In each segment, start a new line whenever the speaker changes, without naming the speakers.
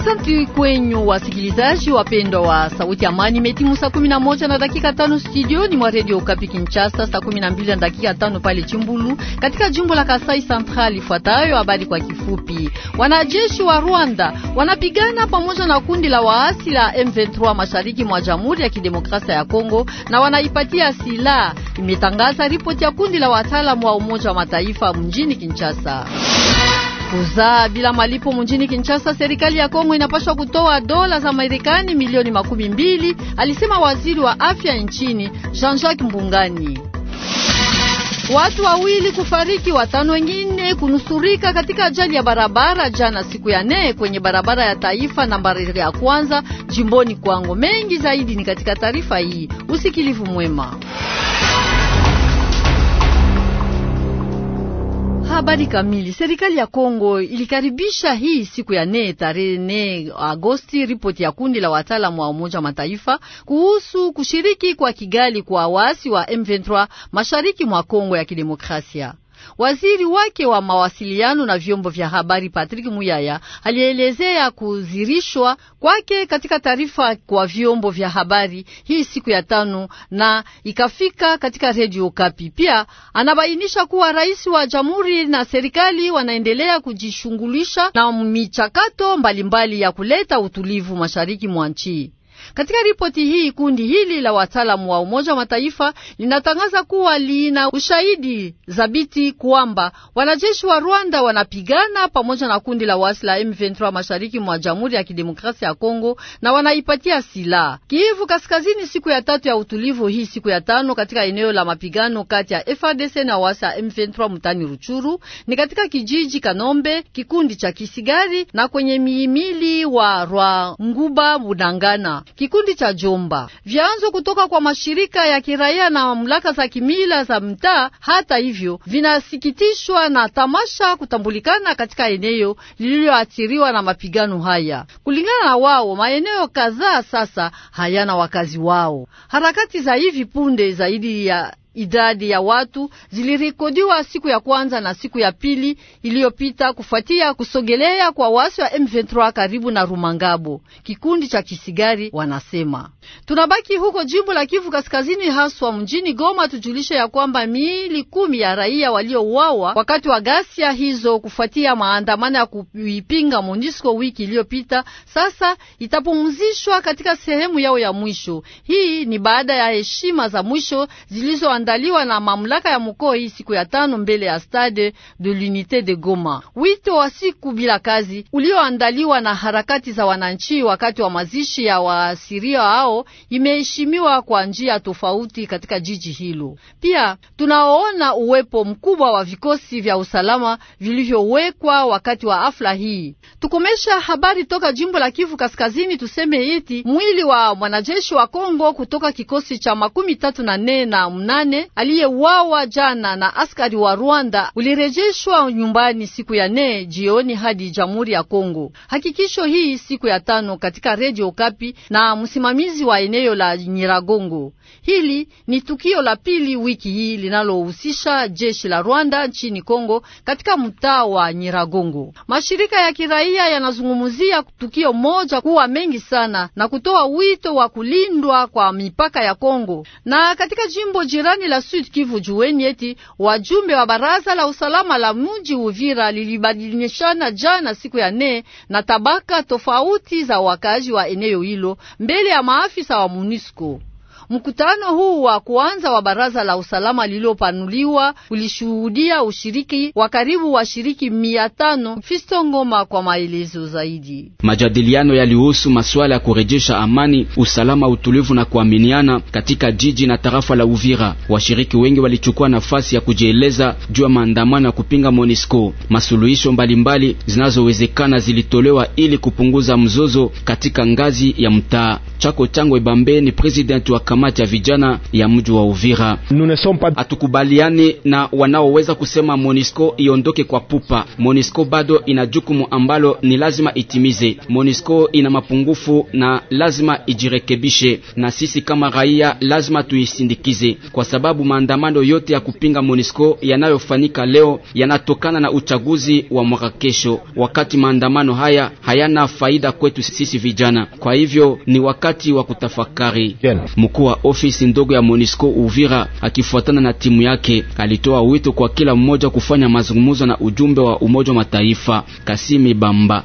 Asanti kwenyu wasikilizaji wapendwa wa Sauti Amani. Imetimu saa kumi na moja na dakika tano studioni mwa Radio Okapi Kinshasa, saa kumi na mbili na dakika tano pale Chimbulu katika jimbo la Kasai Central. Ifuatayo habari kwa kifupi. Wanajeshi wa Rwanda wanapigana pamoja na kundi la waasi la M23 mashariki mwa Jamhuri ya Kidemokrasia ya Kongo na wanaipatia silaha, imetangaza ripoti ya kundi la wataalamu wa Umoja wa Mataifa mjini Kinshasa. Kuzaa bila malipo mjini Kinshasa, serikali ya Kongo inapaswa kutoa dola za Marekani milioni makumi mbili, alisema waziri wa afya nchini Jean-Jacques Mbungani. Watu wawili kufariki, watano wengine kunusurika katika ajali ya barabara jana siku ya nne kwenye barabara ya taifa nambari ya kwanza jimboni Kwango. Mengi zaidi ni katika taarifa hii. Usikilivu mwema. Habari kamili. Serikali ya Kongo ilikaribisha hii siku ya nne tarehe nne Agosti ripoti ya kundi la wataalamu wa Umoja wa Mataifa kuhusu kushiriki kwa Kigali kwa waasi wa M23 mashariki mwa Kongo ya Kidemokrasia. Waziri wake wa mawasiliano na vyombo vya habari Patrick Muyaya alielezea kuzirishwa kwake katika taarifa kwa vyombo vya habari hii siku ya tano na ikafika katika redio Kapi. Pia anabainisha kuwa rais wa jamhuri na serikali wanaendelea kujishughulisha na michakato mbalimbali ya kuleta utulivu mashariki mwa nchi. Katika ripoti hii, kundi hili la wataalamu wa Umoja wa Mataifa linatangaza kuwa lina ushahidi thabiti kwamba wanajeshi wa Rwanda wanapigana pamoja na kundi la waasi la M23 mashariki mwa Jamhuri ya Kidemokrasia ya Kongo na wanaipatia silaha Kivu Kaskazini siku ya tatu ya utulivu hii siku ya tano katika eneo la mapigano kati ya frdc na waasi la M23 mtani Ruchuru ni katika kijiji Kanombe kikundi cha Kisigari na kwenye miimili wa Rwanguba Bunangana kikundi cha Jomba. Vyanzo kutoka kwa mashirika ya kiraia na mamlaka za kimila za mtaa, hata hivyo, vinasikitishwa na tamasha kutambulikana katika eneo lililoathiriwa na mapigano haya. Kulingana na wao, maeneo kadhaa sasa hayana wakazi wao. Harakati za hivi punde zaidi ya Idadi ya watu zilirekodiwa siku ya kwanza na siku ya pili iliyopita kufuatia kusogelea kwa wasi wa M23 karibu na Rumangabo. Kikundi cha kisigari wanasema. Tunabaki huko jimbo la Kivu Kaskazini, haswa mjini Goma, tujulishe ya kwamba miili kumi ya raia waliouawa wakati wa ghasia hizo kufuatia maandamano ya kuipinga MONUSCO wiki iliyopita sasa itapumzishwa katika sehemu yao ya mwisho. Hii ni baada ya heshima za mwisho zilizo iliyoandaliwa na mamlaka ya mkoa hii siku ya tano mbele ya Stade de l'Unité de Goma. Wito wa siku bila kazi ulioandaliwa na harakati za wananchi wakati wa mazishi ya waasiria hao imeheshimiwa kwa njia tofauti katika jiji hilo. Pia tunaona uwepo mkubwa wa vikosi vya usalama vilivyowekwa wakati wa afla hii. Tukomesha habari toka jimbo la Kivu Kaskazini, tuseme iti mwili wa mwanajeshi wa Kongo kutoka kikosi cha makumi tatu na nne na mnane nane aliyewawa jana na askari wa Rwanda ulirejeshwa nyumbani siku ya nne jioni hadi Jamhuri ya Kongo. Hakikisho hii siku ya tano katika Radio Kapi na msimamizi wa eneo la Nyiragongo. Hili ni tukio la pili wiki hii linalohusisha jeshi la Rwanda nchini Kongo katika mtaa wa Nyiragongo. Mashirika ya kiraia yanazungumzia tukio moja kuwa mengi sana na kutoa wito wa kulindwa kwa mipaka ya Kongo. Na katika jimbo jirani jimboni la Sud Kivu, jueni eti wajumbe wa baraza la usalama la mji Uvira lilibadilishana jana siku ya nne na tabaka tofauti za wakazi wa eneo hilo mbele ya maafisa wa MONUSCO. Mkutano huu wa kwanza wa baraza la usalama lililopanuliwa ulishuhudia ushiriki wa karibu washiriki mia tano. Fisto Ngoma kwa maelezo zaidi.
Majadiliano yalihusu masuala ya kurejesha amani, usalama, utulivu na kuaminiana katika jiji na tarafa la Uvira. Washiriki wengi walichukua nafasi ya kujieleza juu ya maandamano ya kupinga Monisco. Masuluhisho mbalimbali zinazowezekana zilitolewa ili kupunguza mzozo katika ngazi ya mtaa. Chako Changwe Bambe ni president wa kamati ya vijana ya mji wa Uvira. Hatukubaliani na wanaoweza kusema Monisco iondoke kwa pupa. Monisco bado ina jukumu ambalo ni lazima itimize. Monisco ina mapungufu na lazima ijirekebishe, na sisi kama raia lazima tuisindikize, kwa sababu maandamano yote ya kupinga Monisco yanayofanyika leo yanatokana na uchaguzi wa mwaka kesho, wakati maandamano haya hayana faida kwetu sisi vijana. Kwa hivyo ni wakati wakati wa kutafakari. Mkuu wa ofisi ndogo ya Monisco Uvira akifuatana na timu yake alitoa wito kwa kila mmoja kufanya mazungumzo na ujumbe wa Umoja wa Mataifa Kasimi Bamba.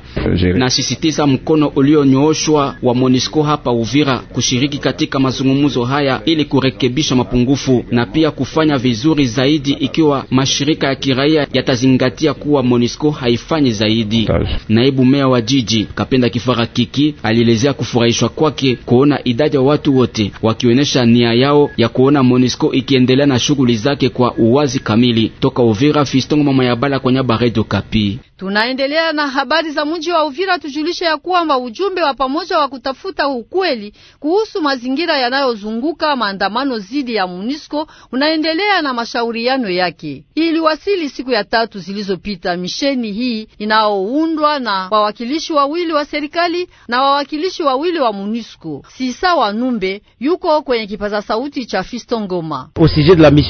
Nasisitiza mkono ulionyooshwa wa Monisco hapa Uvira kushiriki katika mazungumzo haya ili kurekebisha mapungufu na pia kufanya vizuri zaidi, ikiwa mashirika ya kiraia yatazingatia kuwa Monisco haifanyi zaidi. Naibu meya wa jiji Kapenda Kifara Kiki alielezea kufurahishwa kwake kuona idadi ya watu wote wakionyesha nia yao ya kuona Monisco ikiendelea na shughuli zake kwa uwazi kamili. Toka Uvira, Fistongo mama ya bala kwenye baredo Kapi.
Tunaendelea na habari za mji wa Uvira. Tujulishe ya kwamba ujumbe wa pamoja wa kutafuta ukweli kuhusu mazingira yanayozunguka maandamano zidi ya MONUSCO unaendelea na mashauriano yake, iliwasili siku ya tatu zilizopita. Misheni hii inaoundwa na wawakilishi wawili wa serikali na wawakilishi wawili wa MONUSCO. Sisa wa Numbe yuko kwenye kipaza sauti cha Fisto Ngoma.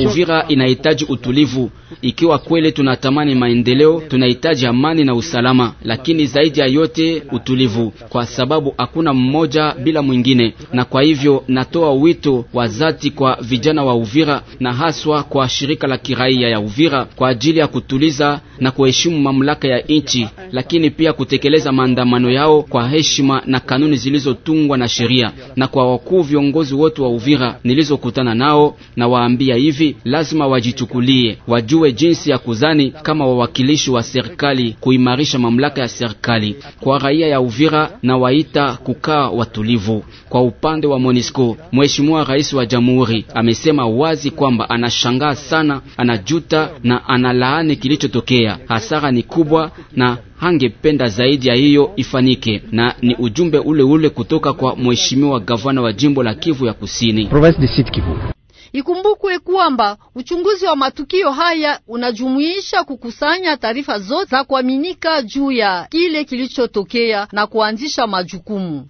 Uvira inahitaji utulivu. Ikiwa kweli tunatamani maendeleo, tunahitaji amani na usalama, lakini zaidi ya yote utulivu, kwa sababu hakuna mmoja bila mwingine. Na kwa hivyo natoa wito wa dhati kwa vijana wa Uvira na haswa kwa shirika la kiraia ya Uvira kwa ajili ya kutuliza na kuheshimu mamlaka ya nchi, lakini pia kutekeleza maandamano yao kwa heshima na kanuni zilizotungwa na sheria. Na kwa wakuu viongozi wote wa Uvira nilizokutana nao, na waambia hivi, lazima wajichukulie, wajue jinsi ya kuzani kama wawakilishi wa serikali serikali kuimarisha mamlaka ya serikali kwa raia ya Uvira na waita kukaa watulivu. Kwa upande wa monisco Mheshimiwa Rais wa Jamhuri amesema wazi kwamba anashangaa sana, anajuta na analaani kilichotokea. Hasara ni kubwa na hangependa zaidi ya hiyo ifanike, na ni ujumbe ule ule kutoka kwa mheshimiwa gavana wa jimbo la Kivu ya Kusini, province de Sud Kivu.
Ikumbukwe kwamba uchunguzi wa matukio haya unajumuisha kukusanya taarifa zote za kuaminika juu ya kile kilichotokea na kuanzisha majukumu.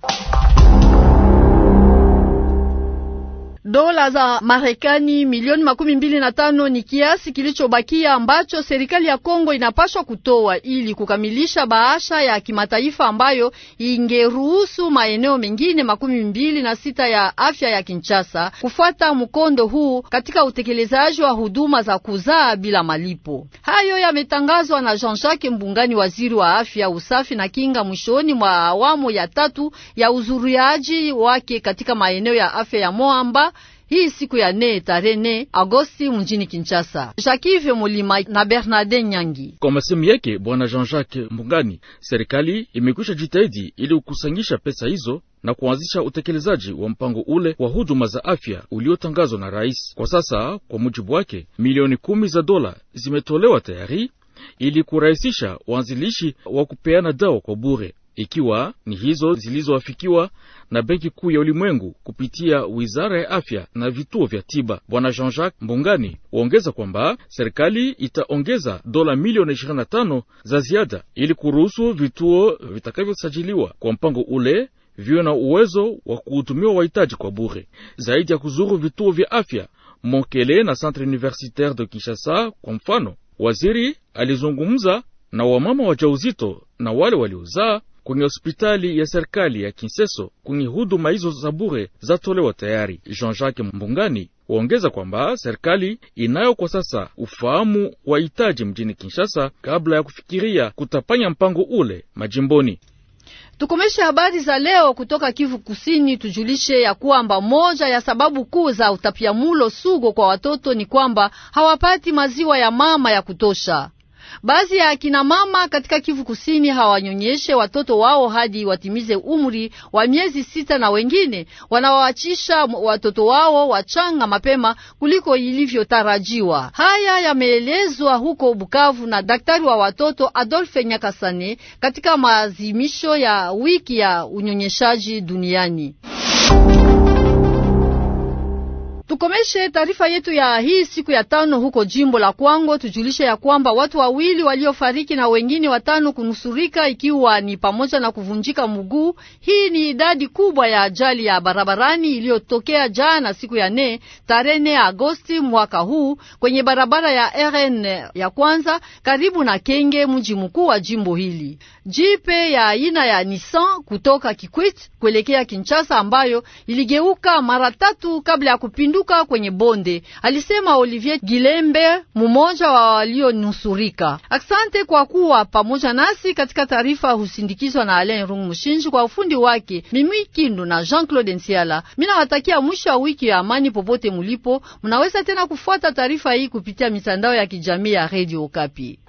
dola za Marekani milioni makumi mbili na tano ni kiasi kilichobakia ambacho serikali ya Kongo inapashwa kutoa ili kukamilisha bahasha ya kimataifa ambayo ingeruhusu maeneo mengine makumi mbili na sita ya afya ya Kinshasa kufuata mkondo huu katika utekelezaji wa huduma za kuzaa bila malipo. Hayo yametangazwa na Jean-Jacques Mbungani, waziri wa afya, usafi na kinga, mwishoni mwa awamu ya tatu ya uzuriaji wake katika maeneo ya afya ya Moamba hii siku ya nne tarehe nne Agosti mjini Kinshasa. Jacques Mulima na Bernarde Nyangi.
Kwa masemu yake bwana Jean-Jacques Mbungani, serikali imekwisha jitahidi ili kukusanyisha pesa hizo na kuanzisha utekelezaji wa mpango ule wa huduma za afya uliotangazwa na rais. Kwa sasa, kwa mujibu wake, milioni kumi za dola zimetolewa tayari ili kurahisisha uanzilishi wa kupeana dawa kwa bure ikiwa ni hizo zilizoafikiwa na Benki Kuu ya Ulimwengu kupitia Wizara ya Afya na vituo vya tiba. Bwana Jean-Jacques Mbungani huongeza kwamba serikali itaongeza dola milioni 25 za ziada ili kuruhusu vituo vitakavyosajiliwa kwa mpango ule viwe na uwezo wa kuhutumiwa wahitaji kwa bure, zaidi ya kuzuru vituo vya afya Mokele na Centre Universitaire de Kinshasa. Kwa mfano, waziri alizungumza na wamama wajauzito na wale waliozaa kwenye hospitali ya serikali ya Kinseso kwenye huduma hizo za bure za tolewa tayari. Jean-Jacques Mbungani waongeza kwamba serikali inayo kwa sasa ufahamu wa hitaji mjini Kinshasa kabla ya kufikiria kutapanya mpango ule majimboni.
Tukomeshe habari za leo kutoka Kivu Kusini. Tujulishe ya kwamba moja ya sababu kuu za utapiamulo sugo kwa watoto ni kwamba hawapati maziwa ya mama ya kutosha. Baadhi ya akina mama katika Kivu Kusini hawanyonyeshe watoto wao hadi watimize umri wa miezi sita, na wengine wanawaachisha watoto wao wachanga mapema kuliko ilivyotarajiwa. Haya yameelezwa huko Bukavu na daktari wa watoto Adolphe Nyakasane katika maazimisho ya wiki ya unyonyeshaji duniani. Tukomeshe taarifa yetu ya hii siku ya tano huko jimbo la Kwango. Tujulishe ya kwamba watu wawili waliofariki na wengine watano kunusurika, ikiwa ni pamoja na kuvunjika mguu. Hii ni idadi kubwa ya ajali ya barabarani iliyotokea jana siku ya nne tarehe nne Agosti mwaka huu kwenye barabara ya RN ya kwanza karibu na Kenge, mji mkuu wa jimbo hili. Jipe ya aina ya Nissan kutoka Kikwit kuelekea Kinshasa, ambayo iligeuka mara tatu kabla ya kupinduka kuanguka kwenye bonde, alisema Olivier Gilembe, mmoja wa walionusurika. Asante kwa kuwa pamoja nasi katika taarifa, husindikizwa na Alain Rung Mushinji kwa ufundi wake, Mimi Kindu na Jean-Claude Nsiala. nawatakia mwisho wa wiki ya amani popote mulipo. Munaweza tena kufuata taarifa hii kupitia mitandao ya kijamii ya Radio Okapi.